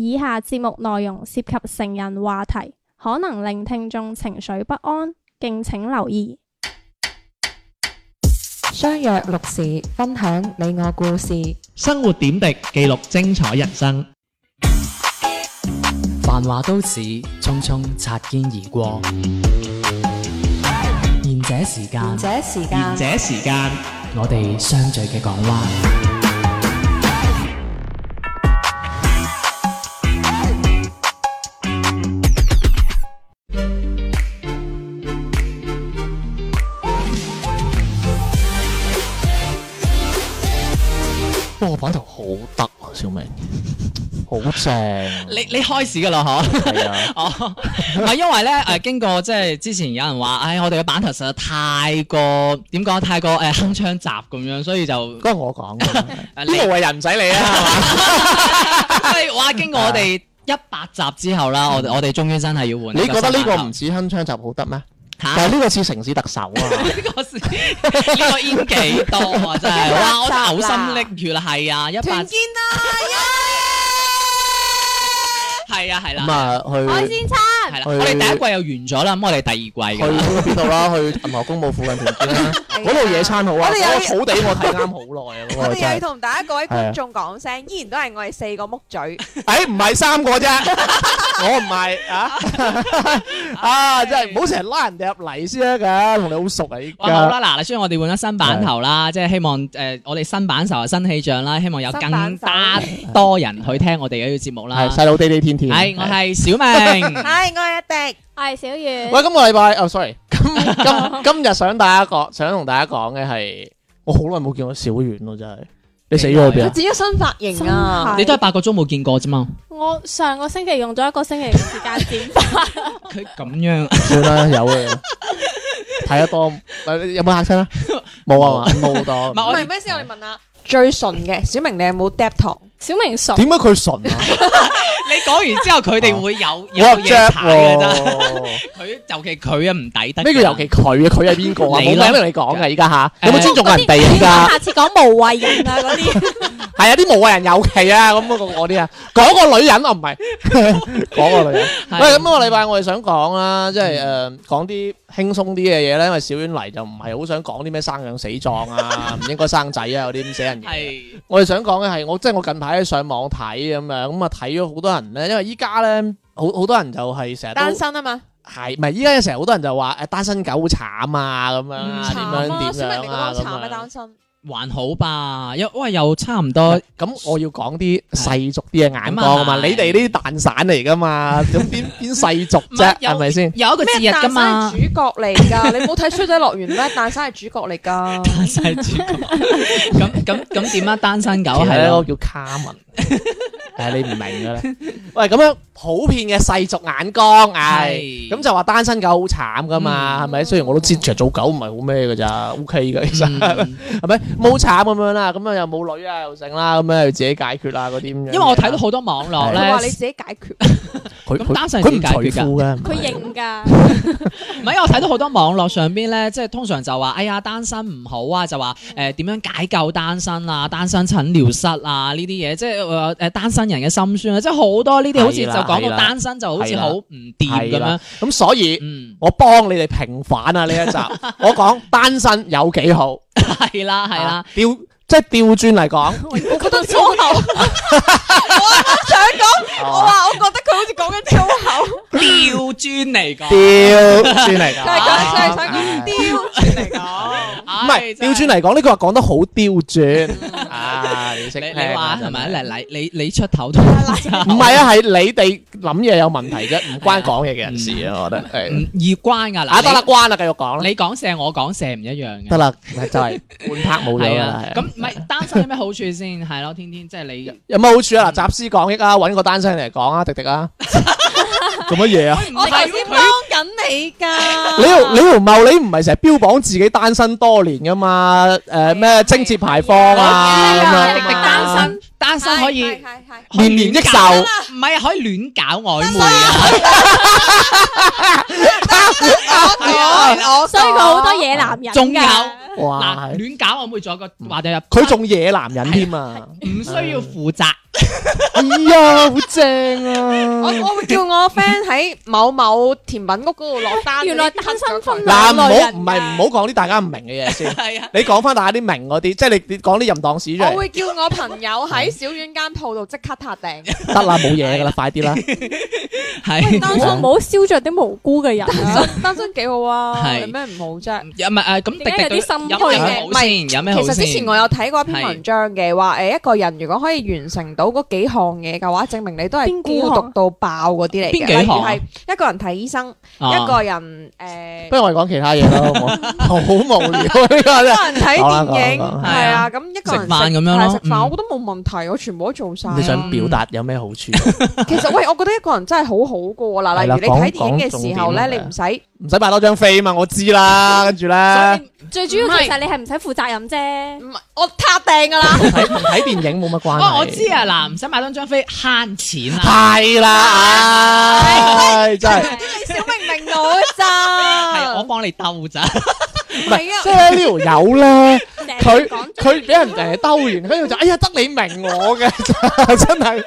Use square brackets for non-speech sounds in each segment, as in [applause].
以下節目內容涉及成人話題，可能令聽眾情緒不安，敬請留意。相約六時，分享你我故事，生活點滴，記錄精彩人生。繁華都市，匆匆擦肩而過。賢者時間，賢者時間，賢者時間，我哋相聚嘅港灣。小明，好正啊！你你開始嘅啦，嗬、啊？ [laughs] 哦，啊，因為咧，誒、呃，經過即係之前有人話，唉、哎，我哋嘅版頭實在太過，點講，太過誒鏗鏘集咁樣，所以就，該我講，呢個為人唔使理啊，係嘛 [laughs] 吧？因為哇，經過我哋一百集之後啦，嗯、我我哋終於真係要換。你覺得呢個唔似鏗鏘集好得咩？但係呢個似城市特首啊 [laughs] 是！呢 [laughs] 個似呢個煙幾多啊！ [laughs] 真係哇，我真係好心拎住啦，係啊，一八煙啊，係啊，係啦，咁啊去，海鮮餐。係啦，我哋第一季又完咗啦，咁我哋第二季去邊度啦？去銀河公墓附近度見啦，嗰度野餐好啊！嗰個草地我睇啱好耐啊！我哋又要同大家各位觀眾講聲，依然都係我哋四個木嘴。誒，唔係三個啫，我唔係啊！啊，真係唔好成日拉人哋入嚟先得㗎，同你好熟啊！依家好啦，嗱，雖然我哋換咗新版頭啦，即係希望誒，我哋新版頭新氣象啦，希望有更加多人去聽我哋嘅呢個節目啦。係細佬啲啲天天，係我係小明，係。多一滴，我係小圓。喂，今個禮拜，啊，sorry，今今今日想大家講，想同大家講嘅係，我好耐冇見過小圓咯，真係。你死咗邊？剪咗新髮型啊！你都係八個鐘冇見過啫嘛。我上個星期用咗一個星期時間剪發。佢咁樣，算啦，有嘅。睇得多，有冇吓親啊？冇啊嘛，冇好多。唔係咩先？我哋問下，最純嘅小明，你有冇嗒糖？小明純，點解佢純啊？你講完之後佢哋會有有嘢睇㗎，真。佢尤其佢啊，唔抵得。咩叫尤其佢啊，佢係邊個啊？冇咩你講㗎依家嚇。有冇尊重過人哋啊？依家下次講無謂人啊嗰啲。係啊，啲無謂人有奇啊咁啊，我啲啊。嗰個女人啊，唔係嗰個女人。喂，咁嗰個禮拜我哋想講啊，即係誒講啲輕鬆啲嘅嘢咧，因為小婉嚟就唔係好想講啲咩生養死葬啊，唔應該生仔啊嗰啲咁死人嘢。係。我哋想講嘅係我即係我近排。喺上網睇咁樣，咁啊睇咗好多人咧，因為依家咧好好多人就係成日單身啊嘛，係唔係？依家成日好多人就話誒、呃、單身狗好慘啊咁樣，點樣點樣啊咁慘咩？單身？單身？還好吧，因喂又差唔多咁，我要講啲世俗啲嘅眼光啊嘛，你哋呢啲蛋散嚟噶嘛，咁邊邊世俗啫，係咪先？有一個節日噶嘛，蛋散主角嚟噶，你冇睇《衰仔樂園》咩？蛋散係主角嚟噶，蛋散主角咁咁咁點啊？單身狗係咯，我叫卡文，但係你唔明嘅咧，喂，咁樣普遍嘅世俗眼光，係咁就話單身狗好慘噶嘛，係咪？雖然我都知做狗唔係好咩噶咋，OK 噶，其實係咪？冇慘咁樣啦，咁樣又冇女啊，又剩啦，咁樣自己解決啦嗰啲。因為我睇到好多網絡咧，你話的你自己解決，咁 [laughs] 他單身佢唔解富嘅，佢認㗎。唔係，因為我睇到好多網絡上邊咧，即係通常就話，哎呀單身唔好啊，就話誒點樣解救單身啊，單身診療室啊呢啲嘢，即係誒單身人嘅心酸啊，即係好多呢啲好似就講到單身就好似好唔掂咁樣。咁所以我幫你哋平反啊呢一集， [laughs] 我講單身有幾好。係 [music] 啦係啦，啊，調即係調轉嚟講，我覺得粗口。 [laughs] [laughs] 我唔想講，我話、啊、 [laughs] 我覺得佢好似講緊粗口。調轉嚟講，調轉嚟講，即係講，即 [laughs] 係、啊、 [laughs] 想調轉嚟講，唔係調轉嚟講呢句話講得好刁鑽。 [laughs] 啊啊！你你話係咪啊？嗱，你你你出頭都唔係啊，係你哋諗嘢有問題啫，唔關講嘢嘅人事啊，我覺得。唔易關噶嗱。啊，得啦，關啦，繼續講啦。你講社我講社唔一樣嘅。得啦，就係半拍冇咗啦。咁唔係單身有咩好處先？係咯，天天即係你。有冇好處啊？嗱，集思廣益啊，揾個單身嚟講啊，迪迪啊。做乜嘢啊？我頭先幫緊你噶。你你洪茂，你唔係成日標榜自己單身多年噶嘛？誒咩貞節牌坊啊？滴滴單身，單身可以延年益壽。唔係啊，可以亂搞曖昧啊。所以佢好多野男人。仲有。哇！嗱，亂搞我妹仲個話就入佢仲野男人添啊，唔需要負責。哎呀，好正啊！我我會叫我 friend 喺某某甜品屋嗰度落單。原來單身婚嗱唔好唔係唔好講啲大家唔明嘅嘢先。係啊，你講翻大家啲明嗰啲，即係你你講啲淫蕩史啫。我會叫我朋友喺小院間鋪度即刻撻定。得啦，冇嘢噶啦，快啲啦。係，當初唔好燒著啲無辜嘅人啊！單身幾好啊？有咩唔好啫？又唔係啊？咁點解有啲心？有咩好先？其實之前我有睇過一篇文章嘅，話誒一個人如果可以完成到嗰幾項嘢嘅話，證明你都係孤獨到爆嗰啲嚟嘅。邊幾項？係一個人睇醫生，一個人誒。不如我哋講其他嘢啦，好無聊。一個人睇電影，係啊，咁一個人食飯咁樣食飯我覺得冇問題，我全部都做晒。你想表達有咩好處？其實喂，我覺得一個人真係好好噶喎。例如你睇電影嘅時候咧，你唔使。唔使買多張飛嘛，我知啦，跟住咧，最主要其實你係唔使負責任啫。唔係我撻病噶啦，睇睇電影冇乜關係。我知啊，嗱，唔使買多張飛慳錢啦，係啦，真係。你小明明女咋？係我幫你兜咋？唔係啊，即係呢條友咧，佢佢俾人誒兜完，跟住就哎呀，得你明我嘅真係。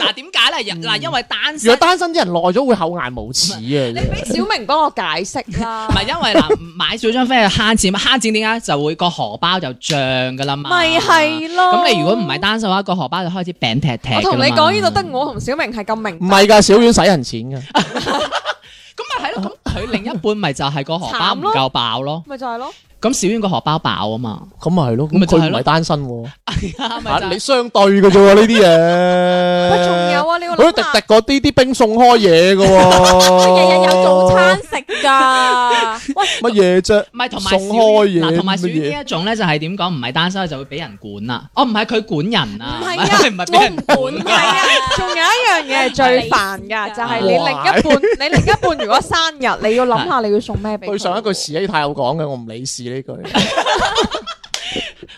嗱，點解咧？因嗱，因為單身。如果單身啲人耐咗會厚顏無恥啊！你俾小明幫我教，解釋唔係因為嗱，買少張飛去慳錢，慳錢點解就會個荷包就漲噶啦嘛，咪係咯。咁你如果唔係單身嘅話，個荷包就開始病踢踢。我同你講呢度得我同小明係咁明，唔係噶，小丸使人錢噶。咁咪係咯，咁佢另一半咪就係個荷包唔夠爆咯，咪就係、是、咯。咁小丸個荷包飽啊嘛，咁咪係咯，咁咪就唔係單身喎。係啊，咪就你相對嘅啫喎呢啲嘢。喂，仲有啊，你要諗下。嗰啲滴滴冰送開嘢嘅喎。日日有早餐食噶。喂，乜嘢啫？唔係同埋送開嘢。同埋小丸呢一種咧就係點講？唔係單身就會俾人管啦。哦，唔係佢管人啊。唔係啊，唔係俾人管。唔係啊，仲有一樣嘢係最煩㗎，就係你另一半，你另一半如果生日，你要諗下你要送咩俾佢。上一句時啲太有講嘅，我唔理事。呢句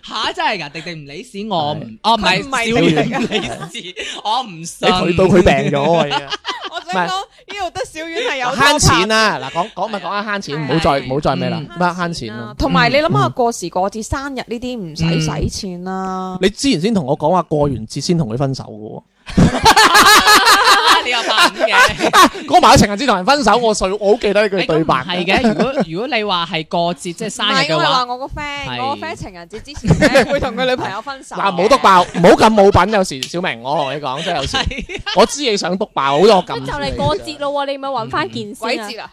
嚇真係㗎，迪迪唔理屎我唔哦，唔係小丸唔理屎，我唔信。你佢到佢病咗啊！我想講呢度得小丸係有慳錢啦。嗱，講講咪講下慳錢，唔好再唔好再咩啦。唔係慳錢，同埋你諗下過時過節生日呢啲唔使使錢啦。你之前先同我講話過完節先同佢分手嘅喎。你又爆嘅，講埋情人節同人分手，我我好記得呢句對白。係嘅，如果如果你話係過節即係生日嘅話，我個 friend，我個 friend 情人節之前會同佢女朋友分手。嗱，冇得爆，冇咁冇品。有時小明，我同你講即係有時，我知你想督爆好多咁。就你過節咯，你咪搵翻件事啊。鬼節啊，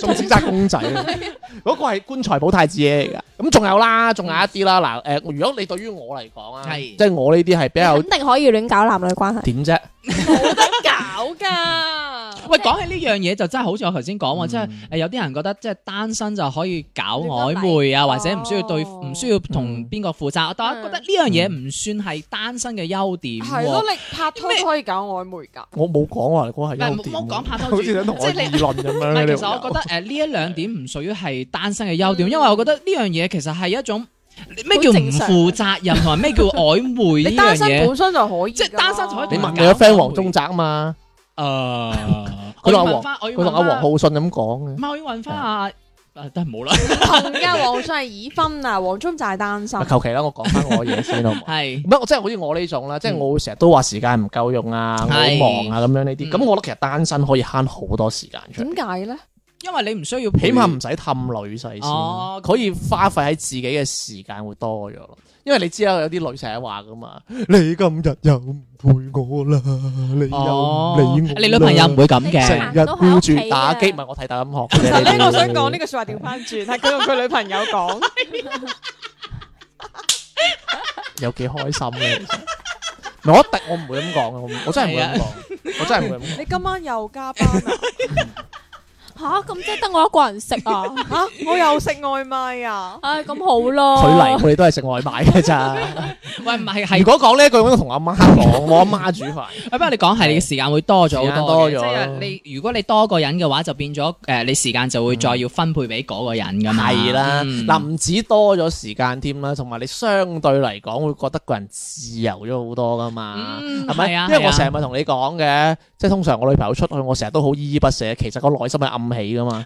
仲整紮公仔，嗰個係棺材寶太子嚟噶。咁仲有啦，仲有一啲啦。嗱，誒，如果你對於我嚟講啊，係即係我呢啲係比較肯定可以亂搞男女關係。點啫？冇得搞噶！喂，講起呢樣嘢就真係好似我頭先講話，即係誒有啲人覺得即係單身就可以搞曖昧啊，或者唔需要對唔需要同邊個負責。但我覺得呢樣嘢唔算係單身嘅優點。係咯，你拍拖可以搞曖昧噶？我冇講啊，講係優點。唔係，唔好講拍拖，即係你。唔係，其實我覺得誒呢一兩點唔屬於係單身嘅優點，因為我覺得呢樣嘢其實係一種。咩叫唔負責任同埋咩叫曖昧，你樣單身本身就可以，即係單身。你問你個 friend 黃宗澤啊嘛？誒，佢同阿黃，佢同阿黃浩信咁講嘅。唔，我我要搵翻下，誒，都係冇啦。家嘅，黃浩信係已婚啊，黃宗澤係單身。求其啦，我講翻我嘢先好唔好？係，唔係即係好似我呢種啦，即係我會成日都話時間唔夠用啊，好忙啊咁樣呢啲。咁我覺得其實單身可以慳好多時間出。點解咧？因為你唔需要，起碼唔使氹女仔先，可以花費喺自己嘅時間會多咗。因為你知啦，有啲女成日話噶嘛。你今日又唔陪我啦？你又你你女朋友唔會咁嘅。成日顧住打機，唔係我睇大音學。其實咧，我想講呢個說話調翻轉，係佢同佢女朋友講，有幾開心咧。我一定我唔會咁講嘅，我我真係唔會咁講，我真係唔會。你今晚又加班啦？吓咁、啊、即係得我一個人食啊？吓、啊、我又食外賣啊？唉咁、 [laughs] 哎、好咯，佢嚟我哋都係食外賣嘅咋？ [laughs] 喂，唔係係如果講呢一句，我同阿媽講，我阿媽煮飯。不過 [laughs] 你講係你嘅時間會多咗好多嘅，即係你如果你多個人嘅話，就變咗誒你時間就會再要分配俾嗰個人噶嘛？係、嗯、啦，嗱、啊、唔止多咗時間添啦，同埋你相對嚟講會覺得個人自由咗好多噶嘛？係咪？因為我成日咪同你講嘅，即係通常我女朋友出去，我成日都好依依不捨，其實個內心係暗。唔起噶嘛，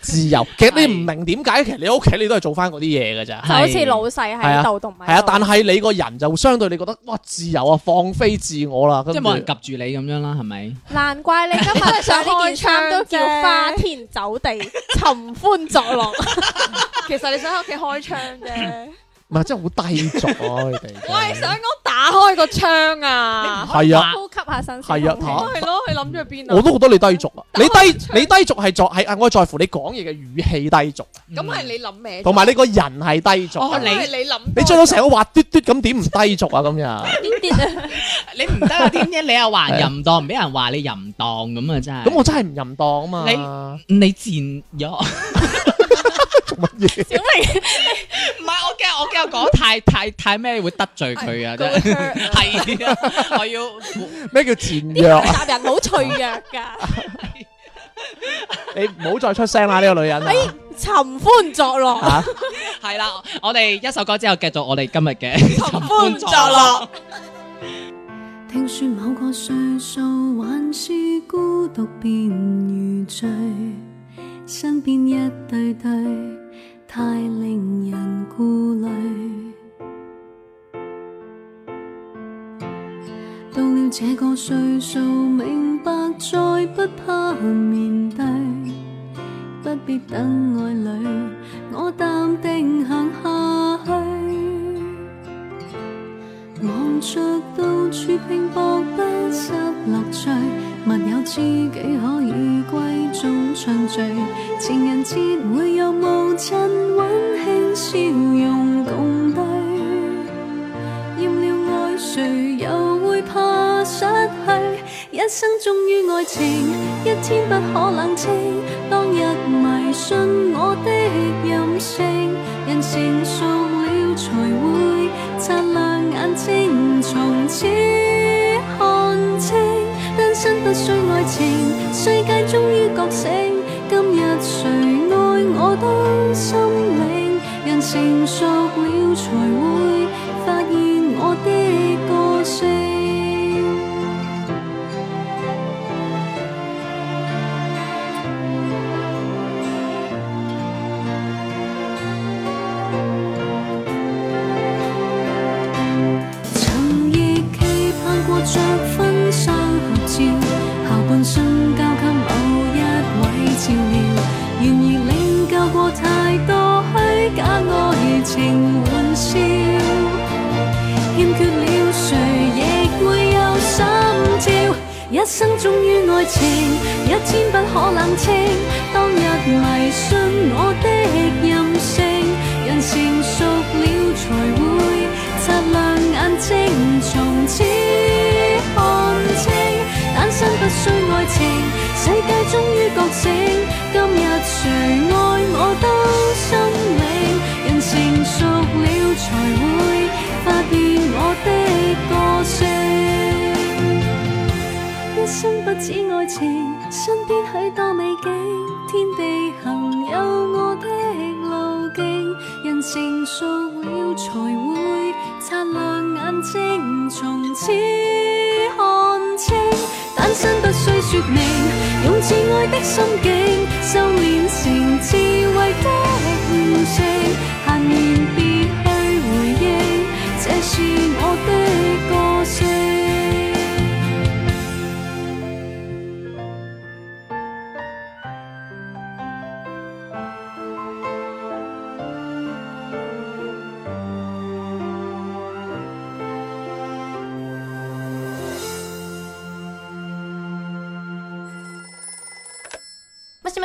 自由。其實你唔明點解，其實你屋企你都係做翻嗰啲嘢㗎咋，就好似老細喺度同埋。係啊，但係你個人就相對你覺得哇自由啊，放飛自我啦，即係冇人夾住你咁樣啦，係咪？難怪你今日上呢件窗都叫花天酒地， [laughs] 尋歡作樂。 [laughs] 其實你想喺屋企開窗啫。唔係真係好低俗，我係想講打開個窗啊，係啊，呼吸下新鮮空氣咯。佢諗咗去邊啊？我都覺得你低俗，你低你低俗係在係啊！我在乎你講嘢嘅語氣低俗，咁係你諗咩？同埋你個人係低俗，你你諗你做到成日都鬱嘟嘟咁，點唔低俗啊？咁樣點點啊？你唔得啊？點解你又話淫蕩？唔俾人話你淫蕩咁啊？真係咁，我真係唔淫蕩啊嘛！你你賤咗。做乜嘢？小明，唔係我驚，我驚我講太太太咩會得罪佢啊。係啊，我要咩叫潛弱啊？敵人好脆弱噶你唔好再出聲啦！呢個女人，哎，尋歡作樂，係啦，我哋一首歌之後繼續我哋今日嘅尋歡作樂。聽說某個歲數，還是孤獨便如醉。身邊一對對，太令人顧慮。到了這個歲數，明白再不怕面對，不必等愛侶，我淡定行下去，望着到處拼搏不失樂趣。沒有知己可以歸中暢聚，情人節會有無盡溫馨笑容共對。厭了愛誰又會怕失去？一生忠於愛情，一天不可冷清。當日迷信我的任性，人成熟了才會擦亮眼睛從，從此需愛情，世界終於覺醒。今日誰愛我都心領，人成熟了才會發現。一生忠於愛情，一天不可冷清。當日迷信我的任性，人成熟了才會擦亮眼睛，從此看清。單身不需愛情，世界終於覺醒。今日誰愛我都心領。一生不止愛情，身邊許多美景，天地行有我的路徑，人成熟了才會擦亮眼睛，從此看清。單身不需說明，用摯愛的心境，修煉成智慧的悟性。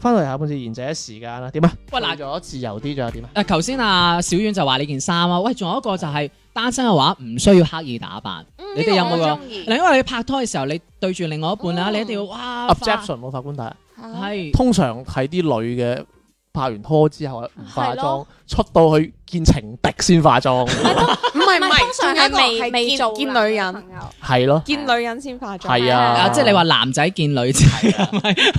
翻嚟下半節，延長一時間啦。喂了點啊、呃？喂，嗱，咗，自由啲仲有點啊？誒，頭先阿小婉就話你件衫啦。喂，仲有一個就係單身嘅話，唔需要刻意打扮。嗯、你哋有冇啊？嗱，因為你拍拖嘅時候，你對住另外一半啊，嗯、你一定要哇。objection 冇法官睇。係是，是通常睇啲女嘅。拍完拖之後唔化妝，出到去見情敵先化妝。唔係唔係，通常係未未見女人，係咯，見女人先化妝。係啊，即係你話男仔見女仔，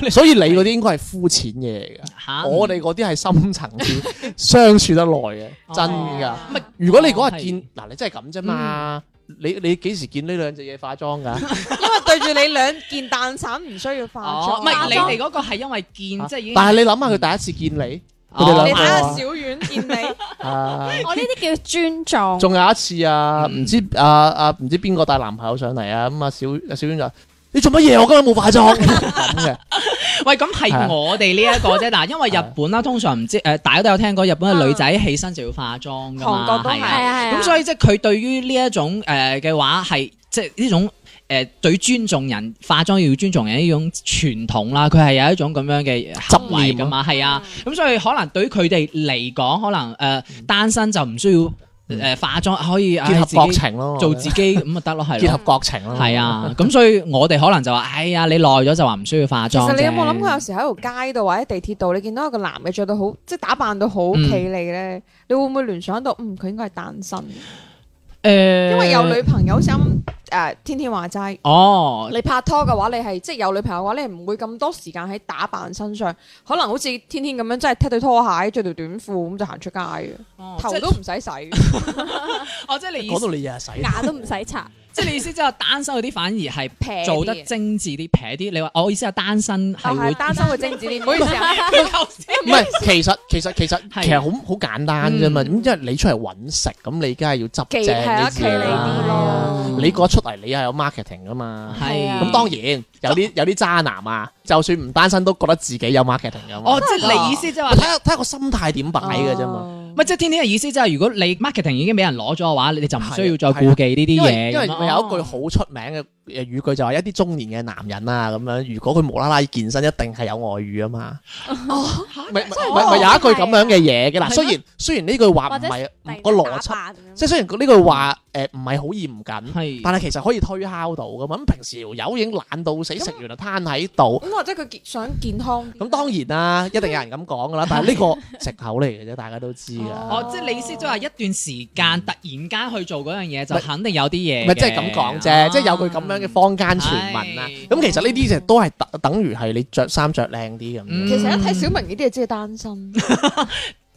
所以你嗰啲應該係膚淺嘢嚟嘅。嚇，我哋嗰啲係深層次，相處得耐嘅，真㗎。唔係，如果你嗰日見嗱，你真係咁啫嘛。你你幾時見呢兩隻嘢化妝㗎？ [laughs] 因為對住你兩件蛋散唔需要化妝。唔係、哦、妝你哋嗰個係因為見、啊、即係已、啊、但係你諗下佢第一次見你，哦、你睇下小婉見你。 [laughs] 啊、我呢啲叫尊重。仲有一次啊，唔知阿阿唔知邊個帶男朋友上嚟啊？咁、嗯、啊小小婉就。你做乜嘢？我今日冇化妝。 [laughs] [laughs] 喂，咁係我哋呢一個啫。嗱，因為日本啦 [laughs] 的，通常唔知，誒、呃，大家都有聽過日本嘅女仔起身就要化妝噶嘛。韓國都係，咁的的、嗯、所以即係佢對於呢一種，誒、呃、嘅話係，即係呢種，誒、呃、對尊重人化妝要尊重人呢種傳統啦。佢係有一種咁樣嘅執念噶嘛。係啊，咁、嗯嗯、所以可能對於佢哋嚟講，可能誒、呃、單身就唔需要。誒、呃，化妝可以結合國情咯，哎、自做自己咁咪得咯，係 [laughs] 結合國情咯，係啊，咁所以我哋可能就話，哎呀，你耐咗就話唔需要化妝。其實你有冇諗過，有時喺條街度或者地鐵度，你見到一個男嘅着到好，即係打扮到好企理咧，嗯、你會唔會聯想到，嗯，佢應該係單身？誒、呃，因為有女朋友想。誒、uh, 天天話齋，哦，oh. 你拍拖嘅話，你係即係有女朋友嘅話，你唔會咁多時間喺打扮身上，可能好似天天咁樣，即係踢對拖鞋，着條短褲咁就行出街嘅，oh. 頭都唔使洗，哦 [laughs] [laughs] 、啊，即係你講到你日日洗，牙都唔使刷。 [laughs] 即係你意思即係單身嗰啲反而係平，做得精緻啲，平啲。你話我意思係單身係會、哦、單身會精緻啲，唔好意思、啊。唔係 [laughs] 是 [laughs] 其實其實的其實其實好好簡單啫嘛。咁、嗯、因為你出嚟搵食，咁你梗係要執正啲，事啦。你覺得出嚟你係有 marketing 噶嘛？係的。咁當然有啲有啲渣男啊，就算唔單身都覺得自己有 marketing 咁。哦，即係你意思即係話睇下睇個心態點擺噶啫嘛。唔即係天天嘅意思，即係如果你 marketing 已經俾人攞咗嘅話，你就唔需要再顧忌呢啲嘢。因為，樣因為有一句好出名嘅誒語句，就係一啲中年嘅男人啊咁樣，如果佢無啦啦健身，一定係有外遇啊嘛。唔係有一句咁樣嘅嘢嘅嗱，雖然雖然呢句話唔係個邏輯，即係雖然呢句話。嗯誒唔係好嚴謹，但係其實可以推敲到噶嘛。咁平時有已經懶到死，食完就攤喺度。咁或者佢想健康。咁當然啦，一定有人咁講噶啦。但係呢個食口嚟嘅啫，大家都知噶。哦，即係你意思即係話一段時間突然間去做嗰樣嘢就肯定有啲嘢。咪即係咁講啫，即係有佢咁樣嘅坊間傳聞啦。咁其實呢啲就都係等等於係你着衫着靚啲咁。其實一睇小明呢啲係即係單身。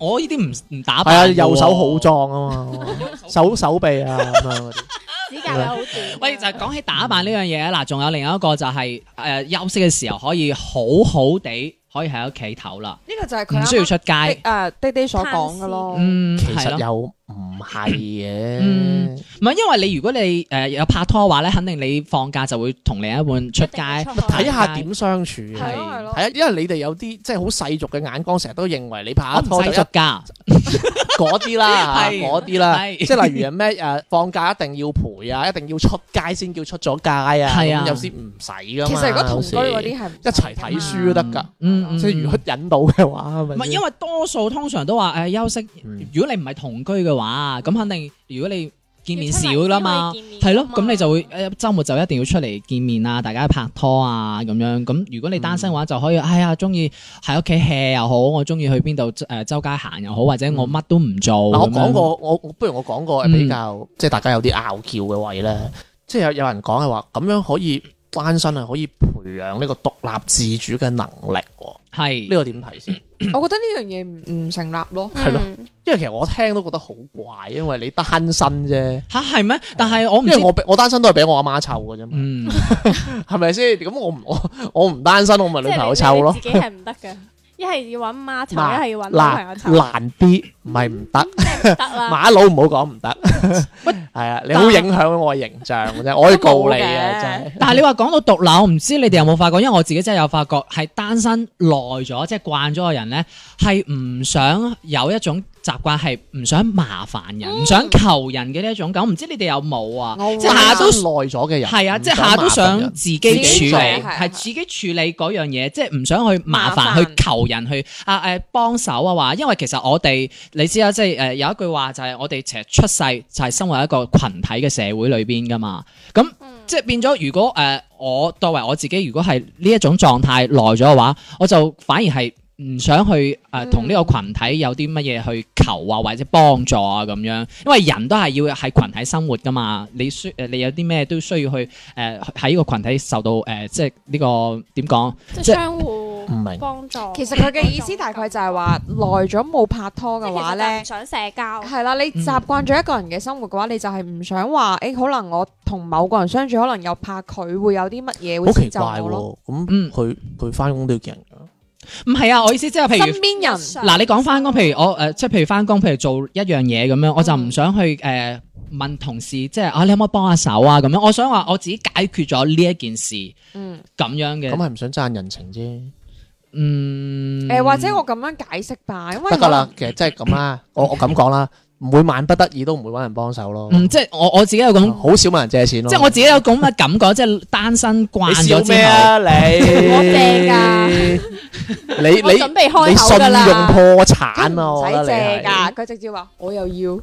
我呢啲唔唔打扮，啊，右手好壯啊嘛， [laughs] 手手臂啊咁樣，指甲又好短。喂 [laughs] 樣，就係講起打扮呢樣嘢嗱，仲、嗯、有另外一個就係、是，誒、呃，休息嘅時候可以好好地。可以喺屋企唞啦，呢個就係佢需要出街。誒爹爹所講嘅咯，嗯，其實又唔係嘅，唔係因為你如果你誒有拍拖嘅話咧，肯定你放假就會同另一半出街睇下點相處，係咯，係啊，因為你哋有啲即係好世俗嘅眼光，成日都認為你拍拖就出街嗰啲啦，啲啦，即係例如咩誒放假一定要陪啊，一定要出街先叫出咗街啊，咁有時唔使嘅。其實如果同居嗰啲係一齊睇書都得㗎。嗯、即係如果引到嘅話，唔因為多數通常都話誒、呃、休息。如果你唔係同居嘅話，咁、嗯、肯定如果你見面少啦嘛，係咯，咁你就會誒周、呃、末就一定要出嚟見面啊，大家拍拖啊咁樣。咁如果你單身嘅話，就可以、嗯、哎呀中意喺屋企 hea 又好，我中意去邊度誒周街行又好，或者我乜都唔做。嗯、我講過，我樣不如我講過比較，嗯、即係大家有啲拗撬嘅位咧，即係有人講嘅話，咁樣可以。單身係可以培養呢個獨立自主嘅能力喎、哦，呢係個點睇先？我覺得呢樣嘢唔唔成立咯，係咯、嗯，因為其實我聽都覺得好怪，因為你單身啫嚇係咩？但係我因為我我單身都係俾我阿媽湊嘅啫嘛，嗯，係咪先？咁我唔我我唔單身，我咪女朋友湊咯。自己係唔得嘅。一係要搵媽湊，一係要搵女朋友湊，難啲唔係唔得，嗯就是、 [laughs] 馬佬唔好講唔得，係 [laughs] 啊但， [laughs] 你好影響我形象嘅啫，但我可以告你啊。真係的。 [laughs] 但係你話講到獨我唔知你哋有冇發覺？因為我自己真係有發覺，係單身耐咗，即係慣咗個人咧，係唔想有一種。習慣係唔想麻煩人，唔、嗯、想求人嘅呢一種咁，唔知你哋有冇啊？即係下都耐咗嘅人，係啊，即係下都想自己處理，係自、啊啊、自己處理嗰樣嘢，即係唔想去麻煩，麻煩去求人去啊誒、啊、幫手啊話，因為其實我哋你知啊，即係誒有一句話就係、是、我哋其實出世就係、是、生活喺一個群體嘅社會裏邊噶嘛，咁、嗯、即係變咗如果誒、呃、我作為我自己，如果係呢一種狀態耐咗嘅話，我就反而係。唔想去誒，同、呃、呢個群體有啲乜嘢去求啊，或者幫助啊咁樣，因為人都係要喺群體生活噶嘛。你需誒，你有啲咩都需要去誒喺、呃、呢個群體受到誒、呃，即係呢、呢個點講？即係相互幫助即。唔明其實佢嘅意思大概就係話，耐咗冇拍拖嘅話咧，唔想社交。係啦，你習慣咗一個人嘅生活嘅話，嗯、你就係唔想話誒、欸，可能我同某個人相處，可能又怕佢會有啲乜嘢會遷就我咯。咁，佢去翻工都要見唔係啊，我意思即係譬如身邊人嗱，你講翻工，譬如我誒，即係譬如翻工，譬如做一樣嘢咁樣，我就唔想去誒問同事，即係啊，你可唔可以幫下手啊？咁樣，我想話我自己解決咗呢一件事，嗯，咁樣嘅。咁係唔想賺人情啫。嗯，誒或者我咁樣解釋吧，因為得噶啦，其實真係咁啦，我我咁講啦。唔會萬不得已都唔會搵人幫手咯。即係我我自己有咁，好少問人借錢咯。即係我自己有咁嘅感覺，即係單身慣咗啫。你笑咩啊你？我借噶。你你你信用破產咯。唔使借噶，佢直接話我又要。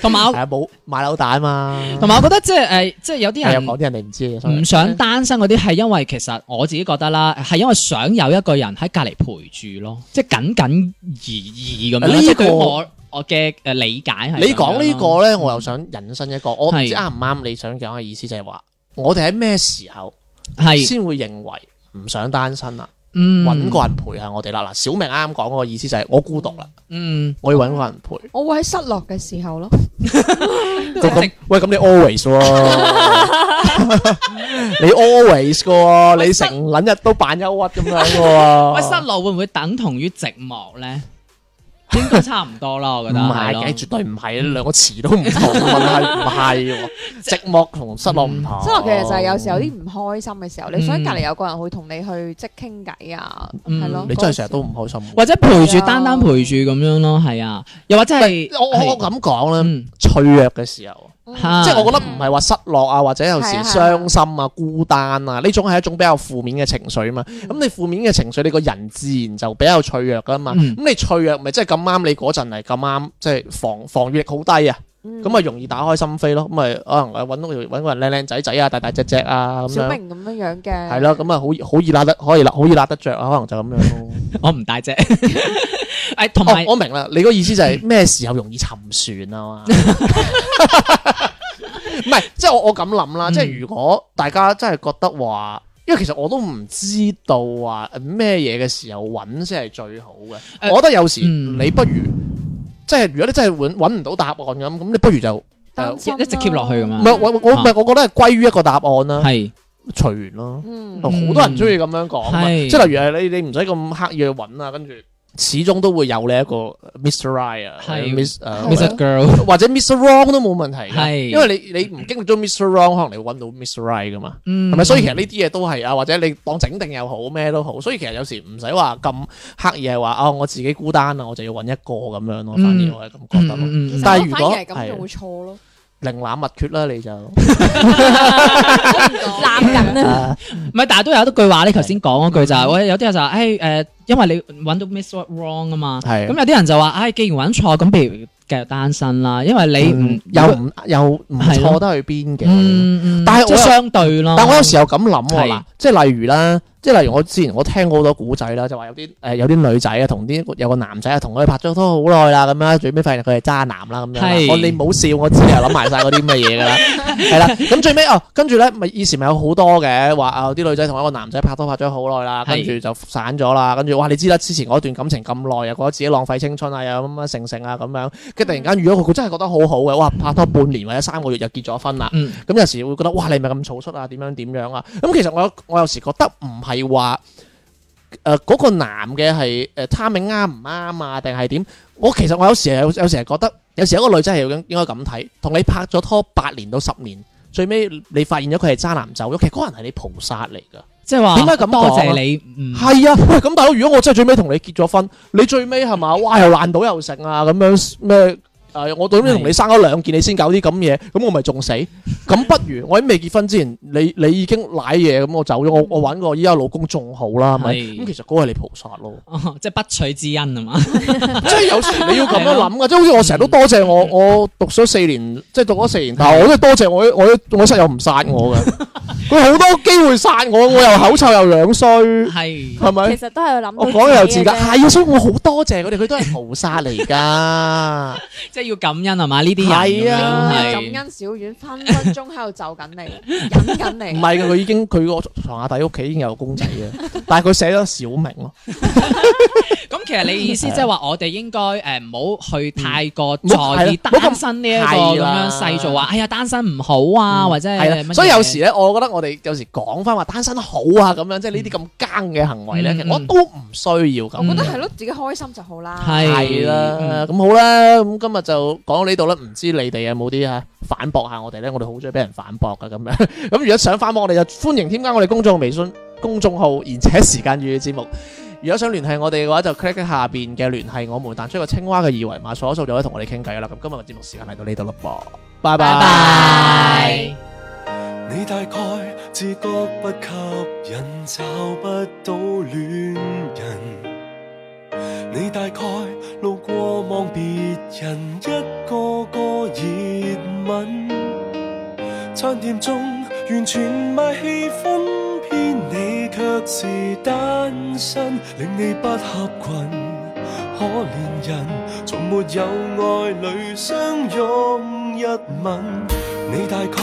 同埋我冇買樓大啊嘛。同埋我覺得即係誒，即係有啲人，有啲人你唔知。唔想單身嗰啲係因為其實我自己覺得啦，係因為想有一個人喺隔籬陪住咯，即係僅僅而已咁樣。呢個。我嘅誒理解係，你講呢、呢個咧，我又想引申一個，嗯、我唔知啱唔啱你想講嘅意思，是就係話我哋喺咩時候係先會認為唔想單身啦，嗯，搵個人陪下我哋啦。嗱，小明啱啱講嗰個意思就係我孤獨啦、嗯，嗯，我要搵個人陪。我會喺失落嘅時候咯。喂，咁你 always 喎、啊 [laughs] [laughs] al 啊，你 always 嘅、啊，你成捻日都扮憂鬱咁樣嘅。 [laughs] 喂，失落會唔會等同於寂寞咧？應該差唔多啦，我覺得。唔係嘅，絕對唔係，兩個詞都唔同，係唔係？寂寞同失望。唔同。即係其實就係有時候有啲唔開心嘅時候，你想隔籬有個人會同你去即係傾偈啊，係咯。你真係成日都唔開心。或者陪住單單陪住咁樣咯，係啊。又或者係我我我咁講啦，脆弱嘅時候。嗯、即係我覺得唔係話失落啊，或者有時傷心啊、啊孤單啊，呢種係一種比較負面嘅情緒啊嘛。咁、嗯、你負面嘅情緒，你個人自然就比較脆弱噶嘛。咁、嗯、你脆弱，咪即係咁啱你嗰陣嚟，咁啱即係防防禦力好低啊，咁啊、嗯、容易打開心扉咯，咁咪可能搵到個人靚靚仔仔啊，大大隻隻啊咁小明咁樣樣嘅。係咯，咁啊好好易拉得，可以好易拉得着啊，可能就咁樣咯。 [laughs] 我唔大隻。 [laughs] 誒，同埋我明啦，你個意思就係咩時候容易沉船啊嘛？唔係，即係我我咁諗啦，即係如果大家真係覺得話，因為其實我都唔知道話咩嘢嘅時候揾先係最好嘅。我覺得有時你不如，即係如果你真係揾唔到答案咁，咁你不如就一直 keep 落去噶嘛。唔係我我唔係，我覺得係歸於一個答案啦，係隨緣咯。好多人中意咁樣講，即係例如係你你唔使咁刻意去揾啊，跟住。始終都會有你一個 Mr. Right，Miss Girl 的或者 Mr. Wrong 都冇問題嘅，的因為你你唔經歷咗 Mr. Wrong 可能你揾到 Mr. Right 噶嘛，係咪、嗯？所以其實呢啲嘢都係啊，或者你當整定又好咩都好，所以其實有時唔使話咁刻意係話啊，我自己孤單啊，我就要揾一個咁樣咯。嗯、反而我係咁覺得咯。嗯嗯嗯、但係如果係會錯咯。寧濫勿缺啦，你就攬緊啦。唔係，但係都有一句話，你頭先講嗰句就係，喂有啲人就係誒誒，因為你揾到 miss wrong 啊嘛。係。咁有啲人就話，哎，既然揾錯，咁譬如繼續單身啦，因為你唔又唔又唔錯得去邊嘅。嗯嗯。但係即係相對咯。但係我有時候咁諗喎，嗱，即係例如啦。即係例如我之前我聽過好多古仔啦，就話有啲誒、呃、有啲女仔啊同啲有個男仔啊同佢拍咗拖好耐啦，咁樣最尾發現佢係渣男啦咁樣。我是、哦、你唔好笑，我自己係諗埋晒嗰啲咁嘅嘢噶啦，係啦。 [laughs] 咁、嗯、最尾哦，跟住咧咪以前咪有好多嘅話啊啲女仔同一個男仔拍拖拍咗好耐啦，跟住是就散咗啦，跟住哇你知啦，之前嗰段感情咁耐又覺得自己浪費青春啊，又咁啊成成啊咁樣，跟住突然間遇到佢，真係覺得好好嘅，哇拍拖半年或者三個月就結咗婚啦。咁、嗯、有時會覺得哇你咪咁草率啊，點樣點樣點樣啊？咁其實我我有時覺得唔。係話誒，嗰、呃嗰個男嘅係誒，timing 啱唔啱啊？定係點？我其實我有時有時係覺得，有時一個女仔係應該咁睇，同你拍咗拖八年到十年，最尾你發現咗佢係渣男走咗，其實嗰人係你菩薩嚟噶，即係話點解咁多謝你？係、嗯、啊，喂，咁大佬，如果我真係最尾同你結咗婚，你最尾係嘛？哇，又爛到又剩啊，咁樣咩？誒、呃，我到尾同你生咗兩件，你先搞啲咁嘢？咁我咪仲死？咁不如我喺未結婚之前，你你已經瀨嘢，咁我走咗，我我搵個依家老公仲好啦，咪是？咁、嗯、其實嗰個係你菩薩咯，哦、即係不取之恩啊嘛。 [laughs] 即係有時你要咁樣諗噶， [laughs] 即係好似我成日都多謝我我讀咗四年，即係讀咗四年，但我都多謝我我我室友唔殺我噶。 [laughs] 佢好多機會殺我，我又口臭又樣衰，係係咪？是是其實都係諗我講又自噶，係啊，所以我好多謝佢哋，佢 [laughs] 都係菩薩嚟噶，即係要感恩是是係嘛、嗯？呢啲人係啊，感恩小丸分分鐘喺度就緊你，忍緊你、啊。唔係佢已經佢個床下底屋企已經有公仔嘅， [laughs] 但係佢寫咗小明咯。咁 [laughs] [laughs] 其實你意思即係話我哋應該誒唔好去太過在意單身呢一個咁樣細做話，哎呀單身唔好啊，或者係所以有時咧，我覺得我我哋有時講翻話單身好啊，咁樣即係呢啲咁奸嘅行為咧，我都唔需要咁。我覺得係咯，自己開心就好啦。係啦，咁好啦，咁今日就講到呢度啦。唔知你哋有冇啲吓反駁下我哋咧？我哋好中意俾人反駁噶咁樣。咁如果想反駁我哋，就歡迎添加我哋公眾嘅微信公眾號，賢者時間粵語節目。如果想聯繫我哋嘅話，就 click 下邊嘅聯繫我們，彈出個青蛙嘅二維碼掃一掃就可以同我哋傾偈啦。咁今日嘅節目時間嚟到呢度啦噃，拜拜。你大概自覺不吸引，找不到戀人。你大概路過望別人一個個熱吻，餐店中完全賣氣氛，偏你卻是單身，令你不合群。可憐人從沒有愛侶相擁一吻，你大概。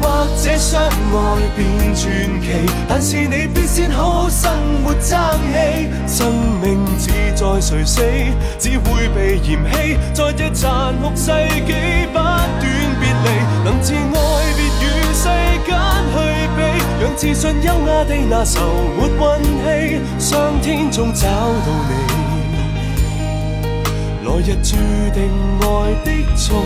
這相愛變傳奇，但是你必先好好生活爭氣。生命只在誰死，只會被嫌棄。在這殘酷世紀不斷別離，能自愛別與世間去比，讓自信優雅地拿愁沒運氣。上天總找到你，來日註定愛的重。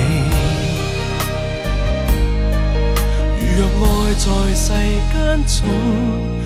若愛在世間重。